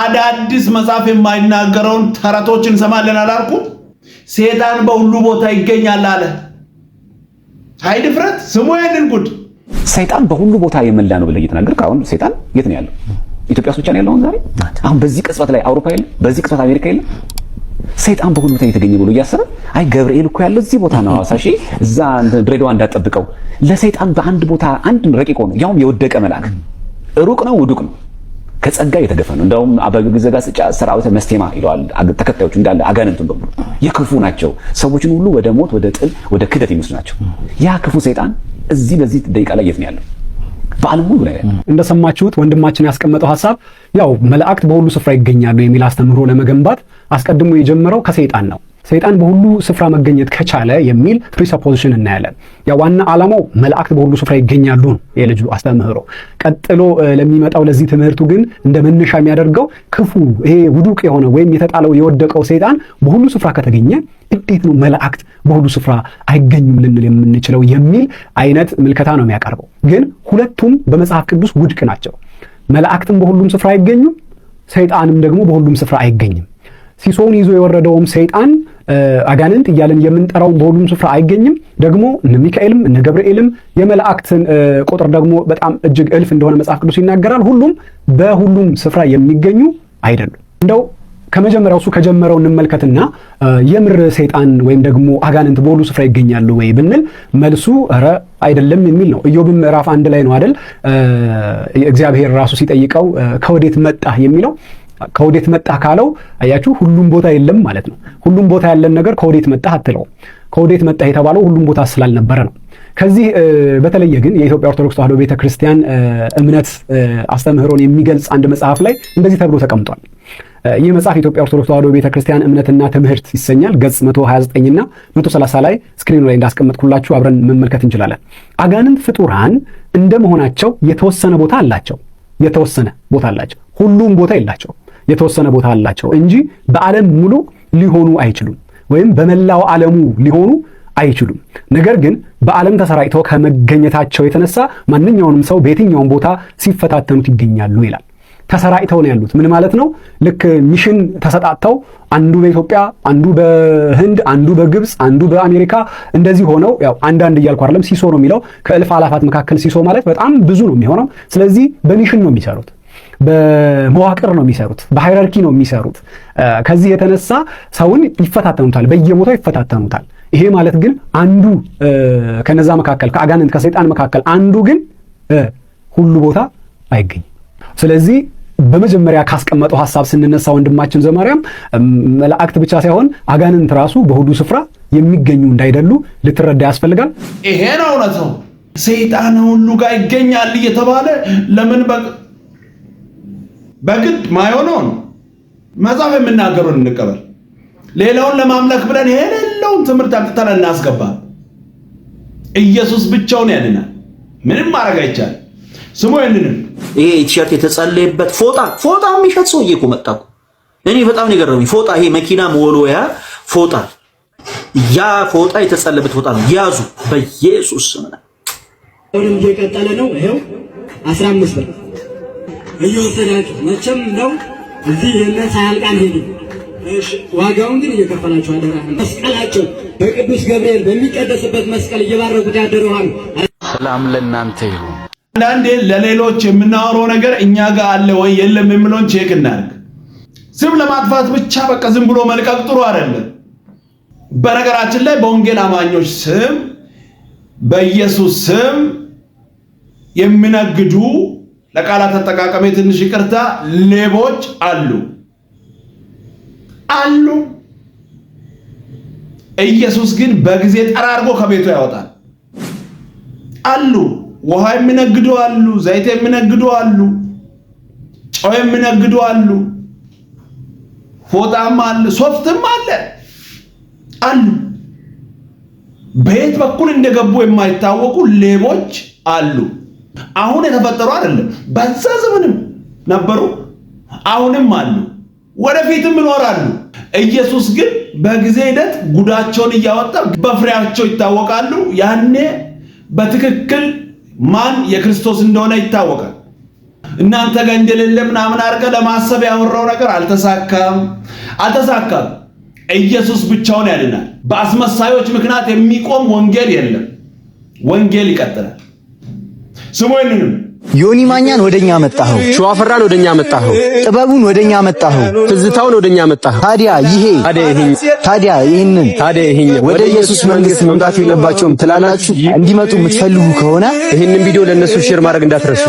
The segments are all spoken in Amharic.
አዳዲስ መጽሐፍ የማይናገረውን ተረቶች እንሰማለን አላልኩም? ሴጣን በሁሉ ቦታ ይገኛል አለ። አይ ድፍረት! ስሙ ይሄንን ጉድ። ሰይጣን በሁሉ ቦታ የመላ ነው ብለህ እየተናገርክ አሁን ሰይጣን የት ነው ያለው? ኢትዮጵያ ውስጥ ብቻ ነው ያለው ዛሬ? አሁን በዚህ ቅጽበት ላይ አውሮፓ የለም፣ በዚህ ቅጽበት አሜሪካ የለም። ሰይጣን በሁሉ ቦታ እየተገኘ ብሎ እያሰበ አይ ገብርኤል እኮ ያለው እዚህ ቦታ ነው፣ ሐዋሳ፣ እሺ እዛ ድሬዳዋ እንዳጠብቀው። ለሰይጣን በአንድ ቦታ አንድ ረቂቆ ነው ያውም የወደቀ መልአክ ሩቅ ነው ውዱቅ ነው ከጸጋ የተገፈ ነው። እንደውም አበበ ዘጋስጫ ሰራዊተ መስቴማ ይለዋል። ተከታዮቹ እንዳለ አጋንንቱን በሙሉ የክፉ ናቸው። ሰዎችን ሁሉ ወደ ሞት፣ ወደ ጥል፣ ወደ ክደት ይመስሉ ናቸው። ያ ክፉ ሰይጣን እዚህ በዚህ ደቂቃ ላይ የት ነው ያለው? በዓለም ሁሉ ላይ እንደሰማችሁት ወንድማችን ያስቀመጠው ሀሳብ ያው መላእክት በሁሉ ስፍራ ይገኛሉ የሚል አስተምህሮ ለመገንባት አስቀድሞ የጀመረው ከሰይጣን ነው። ሰይጣን በሁሉ ስፍራ መገኘት ከቻለ የሚል ፕሪሰፖዚሽን እናያለን። ያ ዋና ዓላማው መላእክት በሁሉ ስፍራ ይገኛሉ ነው የልጁ አስተምህሮ። ቀጥሎ ለሚመጣው ለዚህ ትምህርቱ ግን እንደ መነሻ የሚያደርገው ክፉ ይሄ ውዱቅ የሆነ ወይም የተጣለው የወደቀው ሰይጣን በሁሉ ስፍራ ከተገኘ እንዴት ነው መላእክት በሁሉ ስፍራ አይገኙም ልንል የምንችለው የሚል አይነት ምልከታ ነው የሚያቀርበው። ግን ሁለቱም በመጽሐፍ ቅዱስ ውድቅ ናቸው። መላእክትም በሁሉም ስፍራ አይገኙም፣ ሰይጣንም ደግሞ በሁሉም ስፍራ አይገኝም። ሲሶውን ይዞ የወረደውም ሰይጣን አጋንንት እያለን የምንጠራውን በሁሉም ስፍራ አይገኝም። ደግሞ እነ ሚካኤልም እነ ገብርኤልም የመላእክትን ቁጥር ደግሞ በጣም እጅግ እልፍ እንደሆነ መጽሐፍ ቅዱስ ይናገራል። ሁሉም በሁሉም ስፍራ የሚገኙ አይደሉም። እንደው ከመጀመሪያው እሱ ከጀመረው እንመልከትና የምር ሰይጣን ወይም ደግሞ አጋንንት በሁሉ ስፍራ ይገኛሉ ወይ ብንል መልሱ ኧረ አይደለም የሚል ነው። ኢዮብም ምዕራፍ አንድ ላይ ነው አደል እግዚአብሔር ራሱ ሲጠይቀው ከወዴት መጣህ የሚለው ከወዴት መጣህ ካለው አያችሁ ሁሉም ቦታ የለም ማለት ነው። ሁሉም ቦታ ያለን ነገር ከወዴት መጣህ አትለው። ከወዴት መጣህ የተባለው ሁሉም ቦታ ስላልነበረ ነው። ከዚህ በተለየ ግን የኢትዮጵያ ኦርቶዶክስ ተዋህዶ ቤተ ክርስቲያን እምነት አስተምህሮን የሚገልጽ አንድ መጽሐፍ ላይ እንደዚህ ተብሎ ተቀምጧል። ይህ መጽሐፍ የኢትዮጵያ ኦርቶዶክስ ተዋህዶ ቤተ ክርስቲያን እምነትና ትምህርት ይሰኛል። ገጽ 129 እና 130 ላይ ስክሪኑ ላይ እንዳስቀመጥኩላችሁ አብረን መመልከት እንችላለን። አጋንንት ፍጡራን እንደመሆናቸው የተወሰነ ቦታ አላቸው። የተወሰነ ቦታ አላቸው። ሁሉም ቦታ የላቸው የተወሰነ ቦታ አላቸው እንጂ በዓለም ሙሉ ሊሆኑ አይችሉም፣ ወይም በመላው ዓለሙ ሊሆኑ አይችሉም። ነገር ግን በዓለም ተሰራጭተው ከመገኘታቸው የተነሳ ማንኛውንም ሰው በየትኛውም ቦታ ሲፈታተኑት ይገኛሉ ይላል። ተሰራጭተው ነው ያሉት። ምን ማለት ነው? ልክ ሚሽን ተሰጣጥተው አንዱ በኢትዮጵያ፣ አንዱ በህንድ፣ አንዱ በግብፅ፣ አንዱ በአሜሪካ እንደዚህ ሆነው ያው አንዳንድ እያልኩ አይደለም። ሲሶ ነው የሚለው ከእልፍ አላፋት መካከል ሲሶ ማለት በጣም ብዙ ነው የሚሆነው። ስለዚህ በሚሽን ነው የሚሰሩት። በመዋቅር ነው የሚሰሩት፣ በሃይራርኪ ነው የሚሰሩት። ከዚህ የተነሳ ሰውን ይፈታተኑታል፣ በየቦታው ይፈታተኑታል። ይሄ ማለት ግን አንዱ ከነዛ መካከል ከአጋንንት ከሰይጣን መካከል አንዱ ግን ሁሉ ቦታ አይገኝም። ስለዚህ በመጀመሪያ ካስቀመጠው ሀሳብ ስንነሳ ወንድማችን ዘማርያም መላእክት ብቻ ሳይሆን አጋንንት ራሱ በሁሉ ስፍራ የሚገኙ እንዳይደሉ ልትረዳ ያስፈልጋል። ይሄን እውነት ነው። ሰይጣን ሁሉ ጋር ይገኛል እየተባለ ለምን በግድ ማይሆነውን መጽሐፍ የምናገሩን እንቀበል። ሌላውን ለማምለክ ብለን የሌለውን ትምህርት አምጥተን እናስገባ። ኢየሱስ ብቻውን ያድናል። ምንም ማድረግ አይቻል። ስሙ ይንንም ይሄ ቲሸርት የተጸለየበት ፎጣ ፎጣ የሚሸጥ ሰውዬ እኮ መጣ። እኔ በጣም ነው የገረመኝ። ፎጣ ይሄ መኪና መወልወያ ፎጣ፣ ያ ፎጣ የተጸለየበት ፎጣ ነው። ያዙ በኢየሱስ ስም ነው። ቀጠለ ነው። ይሄው 15 ብር እየወሰዳችሁ መቼም እንደው እዚህ ይህንን ሳያልቃን ሄዱ። ዋጋውን ግን እየከፈላችሁ አደራ። መስቀላቸው በቅዱስ ገብርኤል በሚቀደስበት መስቀል እየባረኩት ያደረዋል። ሰላም ለእናንተ ይሁን። አንዳንዴ ለሌሎች የምናወረው ነገር እኛ ጋር አለ ወይ የለም የምለውን ቼክ እናድርግ። ስም ለማጥፋት ብቻ በቃ ዝም ብሎ መልቀቅ ጥሩ አይደለም። በነገራችን ላይ በወንጌል አማኞች ስም በኢየሱስ ስም የሚነግዱ ለቃላት አጠቃቀሜ ትንሽ ይቅርታ። ሌቦች አሉ አሉ። ኢየሱስ ግን በጊዜ ጠራርጎ ከቤቱ ያወጣል። አሉ ውሃ የሚነግዱ አሉ፣ ዘይት የሚነግዱ አሉ፣ ጨው የሚነግዱ አሉ፣ ፎጣም አለ፣ ሶፍትም አለ አሉ። በየት በኩል እንደገቡ የማይታወቁ ሌቦች አሉ። አሁን የተፈጠሩ አይደለም፣ በዛ ዘመንም ነበሩ፣ አሁንም አሉ፣ ወደፊትም ይኖራሉ። ኢየሱስ ግን በጊዜ ሂደት ጉዳቸውን እያወጣ በፍሬያቸው ይታወቃሉ። ያኔ በትክክል ማን የክርስቶስ እንደሆነ ይታወቃል። እናንተ ጋር እንደሌለ ምናምን አድርገህ ለማሰብ ያወራው ነገር አልተሳካም፣ አልተሳካም። ኢየሱስ ብቻውን ያድናል። በአስመሳዮች ምክንያት የሚቆም ወንጌል የለም። ወንጌል ይቀጥላል። ስሙ ዮኒ ማኛን ወደኛ መጣኸው፣ ሸዋፈራን ወደኛ መጣኸው፣ ጥበቡን ወደኛ መጣኸው፣ ትዝታውን ወደኛ መጣኸው። ታዲያ ይሄ ታዲያ ይህንን ታዲያ ይሄ ወደ ኢየሱስ መንግስት መምጣት የለባቸውም ትላላችሁ? እንዲመጡ የምትፈልጉ ከሆነ ይህንን ቪዲዮ ለእነሱ ሼር ማድረግ እንዳትረሱ።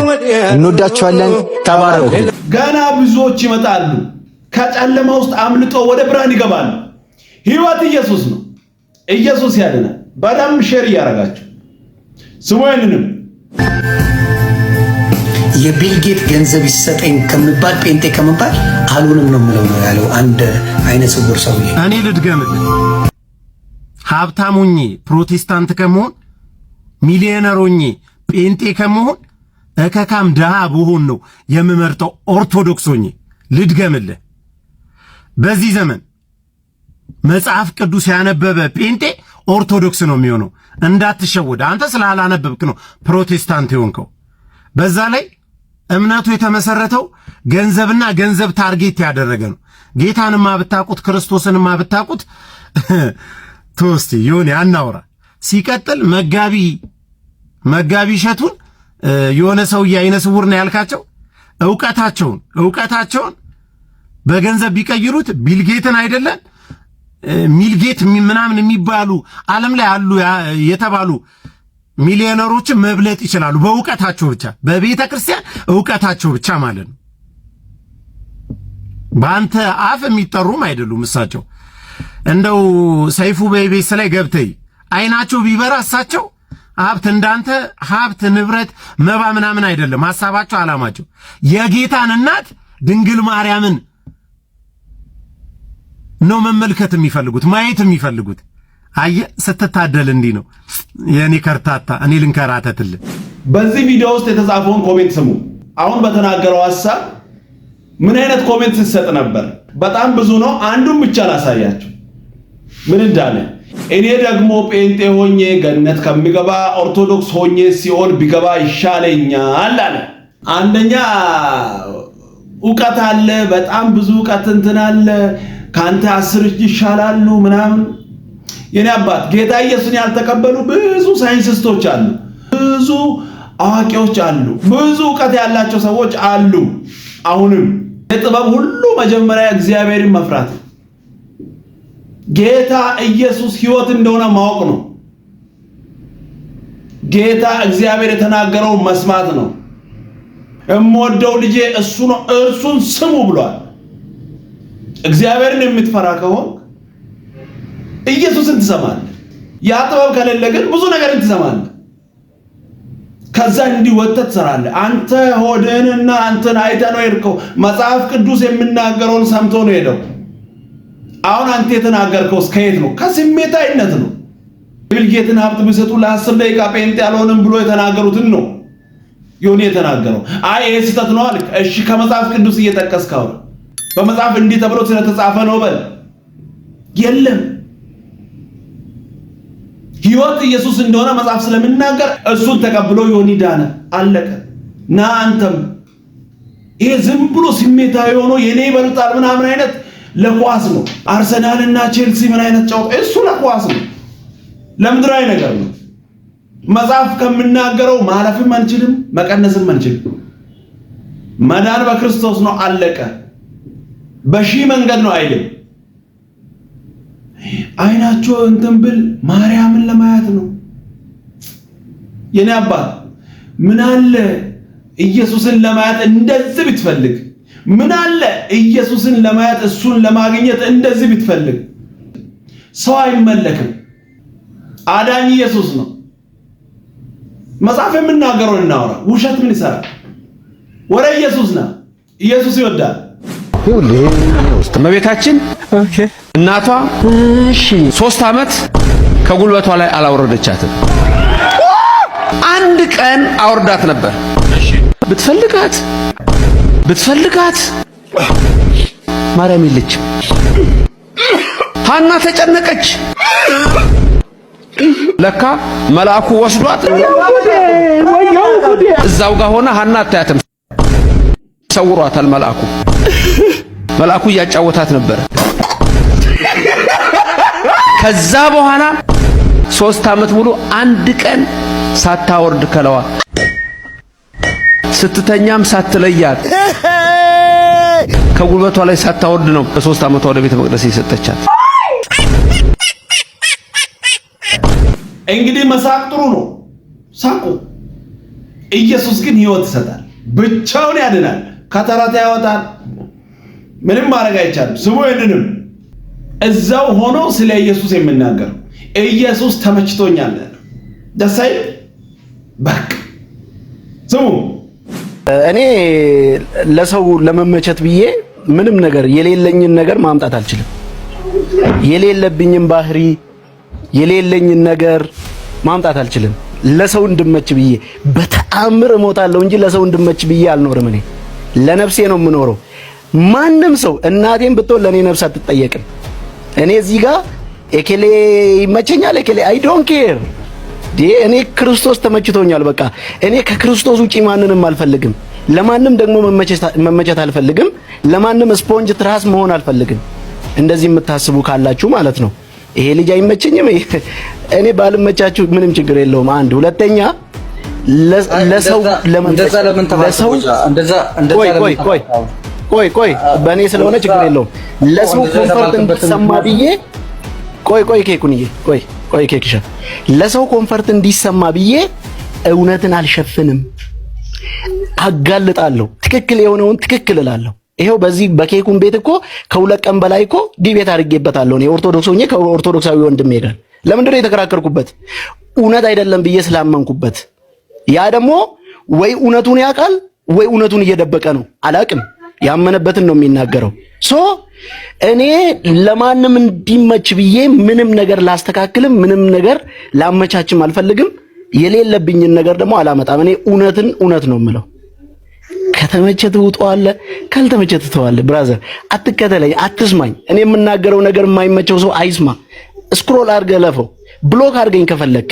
እንወዳችኋለን። ተባረኩ። ገና ብዙዎች ይመጣሉ፣ ከጨለማ ውስጥ አምልጦ ወደ ብርሃን ይገባሉ። ህይወት ኢየሱስ ነው። ኢየሱስ ያድናል። በደንብ ሼር እያደረጋችሁ ስሙ ይንንም የቢልጌት ገንዘብ ይሰጠኝ ከምባል ጴንጤ ከምባል አልሆንም ነው የምለው ነው ያለው አንድ አይነ ስውር ሰውዬ። እኔ ልድገምል ሀብታም ሆኜ ፕሮቴስታንት ከመሆን ሚሊዮነር ሆኜ ጴንጤ ከመሆን እከካም ድሃ ብሆን ነው የምመርጠው ኦርቶዶክስ ሆኜ። ልድገምልህ፣ በዚህ ዘመን መጽሐፍ ቅዱስ ያነበበ ጴንጤ ኦርቶዶክስ ነው የሚሆነው። እንዳትሸወደ አንተ ስላላነበብክ ነው ፕሮቴስታንት የሆንከው። በዛ ላይ እምነቱ የተመሰረተው ገንዘብና ገንዘብ ታርጌት ያደረገ ነው። ጌታንማ ብታቁት ክርስቶስንማ ብታቁት ቶስቲ የሆነ አናውራ። ሲቀጥል መጋቢ መጋቢ እሸቱን የሆነ ሰውዬ አይነ ስውር ነው ያልካቸው እውቀታቸውን እውቀታቸውን በገንዘብ ቢቀይሩት ቢልጌትን አይደለን ሚልጌት ምናምን የሚባሉ ዓለም ላይ አሉ የተባሉ ሚሊዮነሮችን መብለጥ ይችላሉ። በእውቀታቸው ብቻ በቤተ ክርስቲያን እውቀታቸው ብቻ ማለት ነው። በአንተ አፍ የሚጠሩም አይደሉም እሳቸው። እንደው ሰይፉ በኢቢኤስ ላይ ገብተይ አይናቸው ቢበራ እሳቸው ሀብት እንዳንተ ሀብት ንብረት መባ ምናምን አይደለም ሀሳባቸው፣ አላማቸው የጌታን እናት ድንግል ማርያምን ነው መመልከት የሚፈልጉት ማየት የሚፈልጉት አየ ስትታደል እንዲህ ነው የእኔ ከርታታ። እኔ ልንከራተትልህ በዚህ ቪዲዮ ውስጥ የተጻፈውን ኮሜንት ስሙ። አሁን በተናገረው ሀሳብ ምን አይነት ኮሜንት ሲሰጥ ነበር? በጣም ብዙ ነው። አንዱን ብቻ ላሳያችሁ ምን እንዳለ። እኔ ደግሞ ጴንጤ ሆኜ ገነት ከሚገባ ኦርቶዶክስ ሆኜ ሲኦል ቢገባ ይሻለኛል አለ። አንደኛ እውቀት አለ፣ በጣም ብዙ እውቀት እንትን አለ፣ ከአንተ አስር እጅ ይሻላሉ ምናምን የኔ አባት ጌታ ኢየሱስን ያልተቀበሉ ብዙ ሳይንቲስቶች አሉ፣ ብዙ አዋቂዎች አሉ፣ ብዙ እውቀት ያላቸው ሰዎች አሉ። አሁንም የጥበብ ሁሉ መጀመሪያ እግዚአብሔርን መፍራት ጌታ ኢየሱስ ሕይወት እንደሆነ ማወቅ ነው። ጌታ እግዚአብሔር የተናገረው መስማት ነው። የምወደው ልጄ እሱ ነው፣ እርሱን ስሙ ብሏል። እግዚአብሔርን የምትፈራ ከሆን ኢየሱስን ትሰማለህ። ያ ጥበብ ከሌለ ግን ብዙ ነገርን ትሰማለህ። ከዛ እንዲወጥተህ ትሰራለህ። አንተ ሆድህንና አንተን አይተህ ነው የሄድከው። መጽሐፍ ቅዱስ የሚናገረውን ሰምቶ ነው ሄደው። አሁን አንተ የተናገርከውስ ከየት ነው? ከስሜታዊነት ነው። የቢልጌትን ሀብት ቢሰጡ ለአስር ደቂቃ ጴንጤ አልሆንም ብሎ የተናገሩትን ነው ዮኒ የተናገረው። አይ ይሄ ስህተት ነው አልክ። እሺ ከመጽሐፍ ቅዱስ እየጠቀስክ አውራ። በመጽሐፍ እንዲህ ተብሎ ስለተጻፈ ነው በል። የለም ህይወት ኢየሱስ እንደሆነ መጽሐፍ ስለሚናገር እሱን ተቀብሎ ዮኒ ዳነ። አለቀ። ና አንተም ይሄ ዝም ብሎ ስሜታዊ ሆኖ የኔ ይበልጣል ምናምን አይነት ለኳስ ነው። አርሰናልና ቼልሲ ምን አይነት ጨዋታ እሱ ለኳስ ነው፣ ለምድራዊ ነገር ነው። መጽሐፍ ከምናገረው ማለፍም አንችልም፣ መቀነስም አንችልም። መዳን በክርስቶስ ነው። አለቀ። በሺህ መንገድ ነው አይልም። አይናቸው እንትን ብል ማርያምን ለማየት ነው። የኔ አባት ምን አለ ኢየሱስን ለማየት እንደዚህ ብትፈልግ፣ ምን አለ ኢየሱስን ለማየት እሱን ለማግኘት እንደዚህ ብትፈልግ። ሰው አይመለክም፣ አዳኝ ኢየሱስ ነው። መጽሐፍ የምናገረው እናውራ። ውሸት ምን ይሰራል? ወረ ኢየሱስ ና። ኢየሱስ ይወዳል። ውስጥ እመቤታችን እናቷ ሶስት ዓመት ከጉልበቷ ላይ አላወረደቻትም። አንድ ቀን አውርዳት ነበር። ብትፈልጋት ብትፈልጋት ማርያም የለችም። ሐና ተጨነቀች። ለካ መልአኩ ወስዷት እዛው ጋር ሆነ። ሐና አታያትም፣ ሰውሯታል መልአኩ መልአኩ እያጫወታት ነበር። ከዛ በኋላ ሶስት አመት ሙሉ አንድ ቀን ሳታወርድ ከለዋ ስትተኛም ሳትለያት ከጉልበቷ ላይ ሳታወርድ ነው በሶስት አመቷ ወደ ቤተ መቅደስ የሰጠቻት። እንግዲህ መሳቅ ጥሩ ነው፣ ሳቁ። ኢየሱስ ግን ህይወት ይሰጣል፣ ብቻውን ያድናል፣ ከተረት ያወጣል። ምንም ማድረግ አይቻልም። ስሙ ይድንም እዛው ሆኖ ስለ ኢየሱስ የምናገር ኢየሱስ ተመችቶኛል። ደስ አይልም? በቃ ስሙ እኔ ለሰው ለመመቸት ብዬ ምንም ነገር የሌለኝን ነገር ማምጣት አልችልም። የሌለብኝን ባህሪ የሌለኝን ነገር ማምጣት አልችልም። ለሰው እንድመች ብዬ በተአምር እሞታለሁ እንጂ ለሰው እንድመች ብዬ አልኖርም። እኔ ለነፍሴ ነው የምኖረው። ማንም ሰው እናቴም ብትሆን ለእኔ ነፍስ አትጠየቅም። እኔ እዚህ ጋር ኤኬሌ ይመቸኛል ኤኬሌ አይ ዶንት ኬር። እኔ ክርስቶስ ተመችቶኛል። በቃ እኔ ከክርስቶስ ውጪ ማንንም አልፈልግም። ለማንም ደግሞ መመቸት አልፈልግም። ለማንም ስፖንጅ ትራስ መሆን አልፈልግም። እንደዚህ የምታስቡ ካላችሁ ማለት ነው ይሄ ልጅ አይመቸኝም፣ እኔ ባልመቻችሁ ምንም ችግር የለውም። አንድ ሁለተኛ ለሰው ለመንፈስ ለሰው ቆይ ቆይ፣ በእኔ ስለሆነ ችግር የለውም። ለሰው ኮንፈርት እንዲሰማ ብዬ ቆይ ቆይ፣ ኬኩን ቆይ ቆይ፣ ኬክ ለሰው ኮንፈርት እንዲሰማ ብዬ እውነትን አልሸፍንም፣ አጋልጣለሁ። ትክክል የሆነውን ትክክል እላለሁ። ይሄው በዚህ በኬኩን ቤት እኮ ከሁለት ቀን በላይ እኮ ዲቤት አድርጌበታለሁ። እኔ ኦርቶዶክስ ሆኜ ከኦርቶዶክሳዊ ወንድሜ ጋር ለምንድን የተከራከርኩበት? እውነት አይደለም ብዬ ስላመንኩበት። ያ ደግሞ ወይ እውነቱን ያውቃል ወይ እውነቱን እየደበቀ ነው። አላቅም ያመነበትን ነው የሚናገረው። ሶ እኔ ለማንም እንዲመች ብዬ ምንም ነገር ላስተካክልም፣ ምንም ነገር ላመቻችም አልፈልግም። የሌለብኝን ነገር ደግሞ አላመጣም። እኔ እውነትን እውነት ነው የምለው። ከተመቸ ትውጠዋለህ፣ ካልተመቸ ትተዋለህ። ብራዘር አትከተለኝ፣ አትስማኝ። እኔ የምናገረው ነገር የማይመቸው ሰው አይስማ። ስክሮል አድርገ ለፈው፣ ብሎክ አድርገኝ ከፈለክ።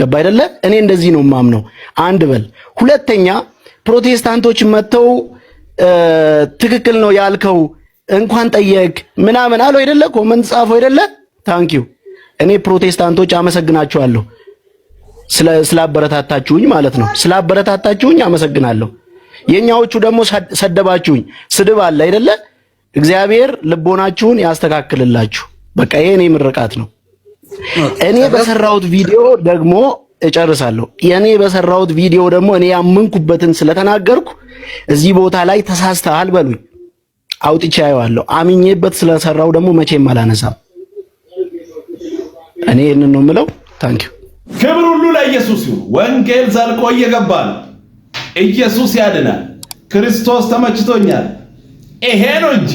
ገባ አይደለ? እኔ እንደዚህ ነው የማምነው። አንድ በል ሁለተኛ ፕሮቴስታንቶች መጥተው ትክክል ነው ያልከው፣ እንኳን ጠየቅ ምናምን አለው አይደለ? ኮመንት ጻፈ አይደለ? ታንኪዩ እኔ ፕሮቴስታንቶች አመሰግናችኋለሁ፣ ስላበረታታችሁኝ ማለት ነው። ስላበረታታችሁኝ አመሰግናለሁ። የኛዎቹ ደግሞ ሰደባችሁኝ። ስድብ አለ አይደለ? እግዚአብሔር ልቦናችሁን ያስተካክልላችሁ። በቃ ይሄ እኔ ምርቃት ነው። እኔ በሰራሁት ቪዲዮ ደግሞ እጨርሳለሁ። የኔ በሰራሁት ቪዲዮ ደግሞ እኔ ያመንኩበትን ስለተናገርኩ እዚህ ቦታ ላይ ተሳስተሃል በሉኝ፣ አውጥቼ አየዋለሁ። አምኜበት ስለሰራው ደግሞ መቼም አላነሳም። እኔ ይህንን ነው የምለው። ታንኪዩ። ክብር ሁሉ ለኢየሱስ ይሁን። ወንጌል ዘልቆ እየገባ ነው። ኢየሱስ ያድናል። ክርስቶስ ተመችቶኛል። ይሄ ነው እንጂ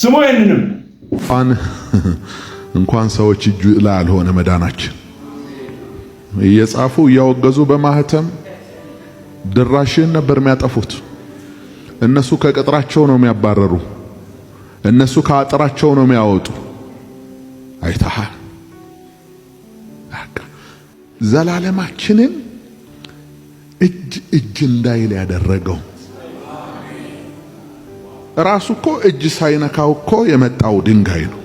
ስሙ ይህንንም እንኳን ሰዎች እጁ ላይ አልሆነ መዳናችን እየጻፉ እያወገዙ በማህተም ድራሽን ነበር የሚያጠፉት። እነሱ ከቅጥራቸው ነው የሚያባረሩ። እነሱ ከአጥራቸው ነው የሚያወጡ። አይተሃል። ዘላለማችንን እጅ እጅ እንዳይል ያደረገው ራሱ እኮ እጅ ሳይነካው እኮ የመጣው ድንጋይ ነው።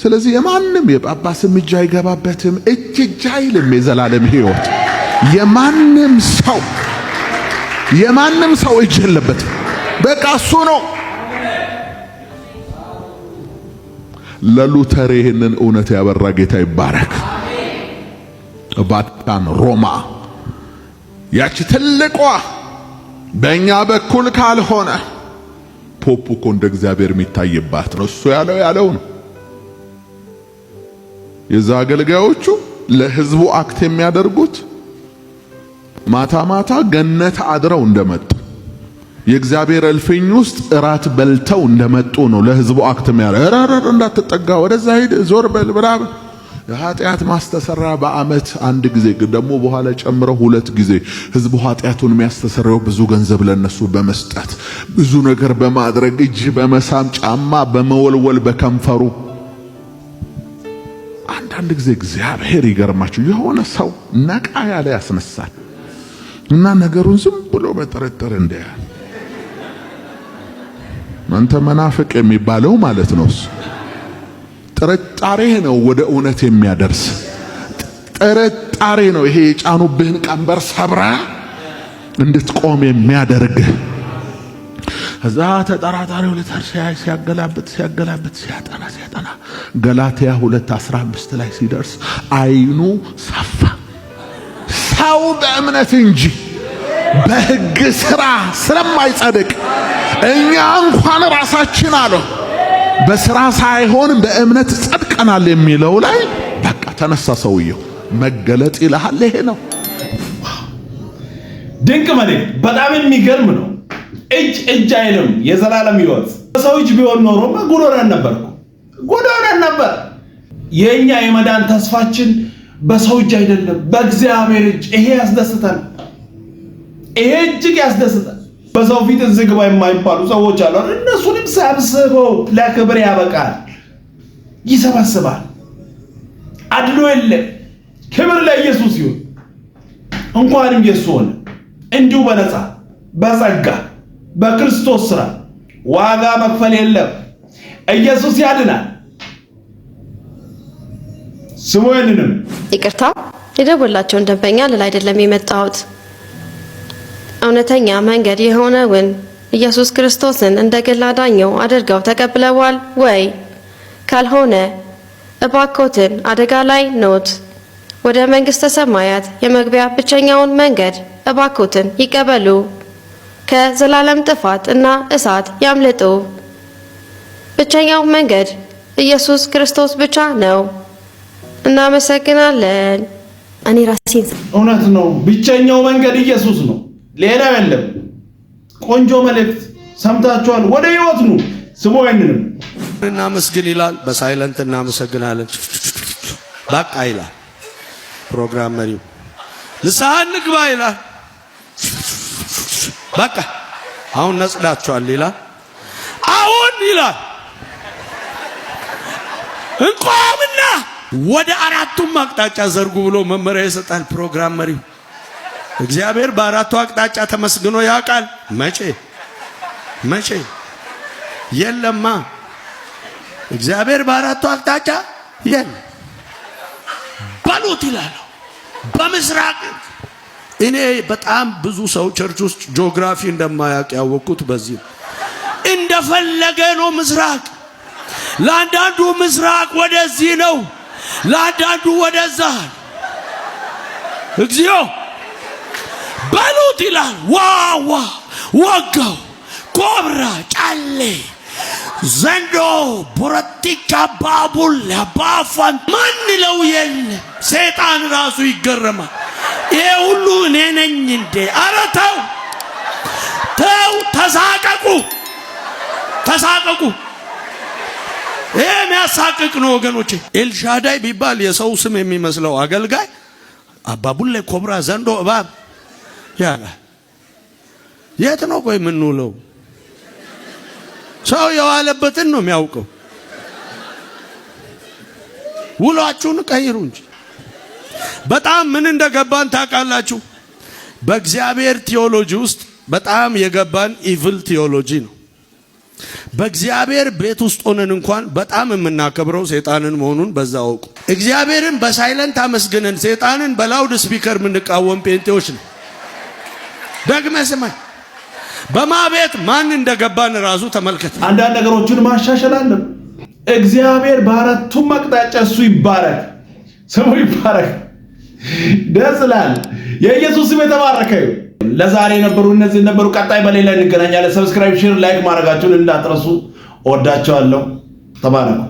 ስለዚህ የማንም የጳጳስም እጅ አይገባበትም። እጅ እጅ አይልም። የዘላለም ሕይወት የማንም ሰው የማንም ሰው እጅ የለበትም። በቃ እሱ ነው። ለሉተር ይህንን እውነት ያበራ ጌታ ይባረክ። ቫቲካን ሮማ፣ ያቺ ትልቋ በእኛ በኩል ካልሆነ ፖፑ እኮ እንደ እግዚአብሔር የሚታይባት ነው። እሱ ያለው ያለው ነው። የዛ አገልጋዮቹ ለህዝቡ አክት የሚያደርጉት ማታ ማታ ገነት አድረው እንደመጡ የእግዚአብሔር እልፍኝ ውስጥ እራት በልተው እንደመጡ ነው። ለህዝቡ አክት የሚያደርግ ራራር እንዳትጠጋ፣ ወደዛ ሂድ፣ ዞር በል ብራብ ኃጢአት ማስተሰራ በዓመት አንድ ጊዜ ደግሞ በኋላ ጨምረው ሁለት ጊዜ ህዝቡ ኃጢአቱን የሚያስተሰሪያው ብዙ ገንዘብ ለነሱ በመስጠት ብዙ ነገር በማድረግ እጅ በመሳም ጫማ በመወልወል በከንፈሩ አንዳንድ ጊዜ እግዚአብሔር ይገርማችሁ የሆነ ሰው ነቃ ያለ ያስነሳል እና ነገሩን ዝም ብሎ በጥርጥር እንዲያል አንተ መናፍቅ የሚባለው ማለት ነው። እሱ ጥርጣሬ ነው ወደ እውነት የሚያደርስ ጥርጣሬ ነው። ይሄ የጫኑብህን ቀንበር ሰብራ እንድትቆም የሚያደርግህ ከዛ ተጠራጣሪው ልተር ሲያገላብጥ ሲያገላብጥ ሲያጠና ሲያጠና ገላትያ ሁለት አስራ አምስት ላይ ሲደርስ አይኑ ሰፋ። ሰው በእምነት እንጂ በሕግ ሥራ ስለማይጸድቅ እኛ እንኳን ራሳችን አለ በሥራ ሳይሆን በእምነት ጸድቀናል የሚለው ላይ በቃ ተነሳ ሰውየው። መገለጥ ይልሃል። ይሄ ነው ድንቅ መልእክት። በጣም የሚገርም ነው። እጅ እጅ አይልም የዘላለም ሕይወት። ሰው እጅ ቢሆን ኖሮማ ጎዶናን ነበርኩ ጎዶናን ነበር። የእኛ የመዳን ተስፋችን በሰው እጅ አይደለም፣ በእግዚአብሔር እጅ። ይሄ ያስደስተን፣ ይሄ እጅግ ያስደስታል። በሰው ፊት እዚህ ግባ የማይባሉ ሰዎች አሉ። እነሱንም ሰብስበው ለክብር ያበቃል፣ ይሰበስባል። አድሎ የለም። ክብር ለኢየሱስ ይሁን። እንኳንም የሱ ሆነ እንዲሁ በነፃ በጸጋ በክርስቶስ ስራ ዋጋ መክፈል የለም። ኢየሱስ ያድናል። ስሙ ይልንም ይቅርታ፣ የደወላቸውን ደንበኛ ልል አይደለም የመጣሁት። እውነተኛ መንገድ የሆነውን ኢየሱስ ክርስቶስን እንደ ግል አዳኛው አድርገው ተቀብለዋል ወይ? ካልሆነ እባኮትን አደጋ ላይ ኖት። ወደ መንግሥተ ሰማያት የመግቢያ ብቸኛውን መንገድ እባኮትን ይቀበሉ። ከዘላለም ጥፋት እና እሳት ያምልጡ። ብቸኛው መንገድ ኢየሱስ ክርስቶስ ብቻ ነው። እናመሰግናለን። እኔ ራሴን እውነት ነው። ብቸኛው መንገድ ኢየሱስ ነው፣ ሌላ የለም። ቆንጆ መልእክት ሰምታችኋል። ወደ ህይወት ኑ። ስሙ አይንንም እናመስግን ይላል። በሳይለንት እናመሰግናለን። በቃ ይላል ፕሮግራም መሪው። ንስሐ እንግባ ይላል። በቃ አሁን ነጽዳቸዋል ይላል። አሁን ይላል እንቆምና ወደ አራቱም አቅጣጫ ዘርጉ ብሎ መመሪያ ይሰጣል። ፕሮግራም መሪው እግዚአብሔር በአራቱ አቅጣጫ ተመስግኖ ያውቃል። መቼ መቼ የለማ እግዚአብሔር በአራቱ አቅጣጫ የለ በሉት ይላሉ። በምስራቅ እኔ በጣም ብዙ ሰው ቸርች ውስጥ ጂኦግራፊ እንደማያውቅ ያወቅኩት በዚህ እንደፈለገ ነው ምስራቅ። ለአንዳንዱ ምስራቅ ወደዚህ ነው፣ ለአንዳንዱ ወደዛ። እግዚኦ በሉት ይላል። ዋዋ ወጋው ኮብራ ጫሌ ዘንዶ ቡረቲካ ባቡል ባፋን ማን ለው የለ። ሰይጣን ራሱ ይገረማል። ይሄ ሁሉ እኔ ነኝ እንዴ? አረ ተው ተው፣ ተሳቀቁ ተሳቀቁ። ይሄ የሚያሳቅቅ ነው ወገኖቼ። ኤልሻዳይ ቢባል የሰው ስም የሚመስለው አገልጋይ አባቡሌ፣ ኮብራ፣ ዘንዶ፣ እባብ ያለ የት ነው ቆይ የምንውለው? ሰው የዋለበትን ነው የሚያውቀው። ውሏችሁን ቀይሩ እንጂ በጣም ምን እንደገባን ታውቃላችሁ? በእግዚአብሔር ቴዎሎጂ ውስጥ በጣም የገባን ኢቭል ቴዎሎጂ ነው። በእግዚአብሔር ቤት ውስጥ ሆነን እንኳን በጣም የምናከብረው ሴጣንን መሆኑን በዛ አውቁ። እግዚአብሔርን በሳይለንት አመስግነን ሴጣንን በላውድ ስፒከር የምንቃወም ጴንጤዎች ነው። ደግመ ስማኝ፣ በማቤት ማን እንደገባን ራሱ ተመልከት። አንዳንድ ነገሮችን ማሻሻል አለም። እግዚአብሔር በአራቱም አቅጣጫ እሱ ይባረክ፣ ስሙ ይባረክ። ደስ ይላል። የኢየሱስ ስም የተባረከ ለዛሬ የነበሩ እነዚህ ነበሩ። ቀጣይ በሌላ እንገናኛለን። ሰብስክራይብ፣ ሼር፣ ላይክ ማድረጋችሁን እንዳትረሱ። ወዳቸዋለሁ። ተባረኩ።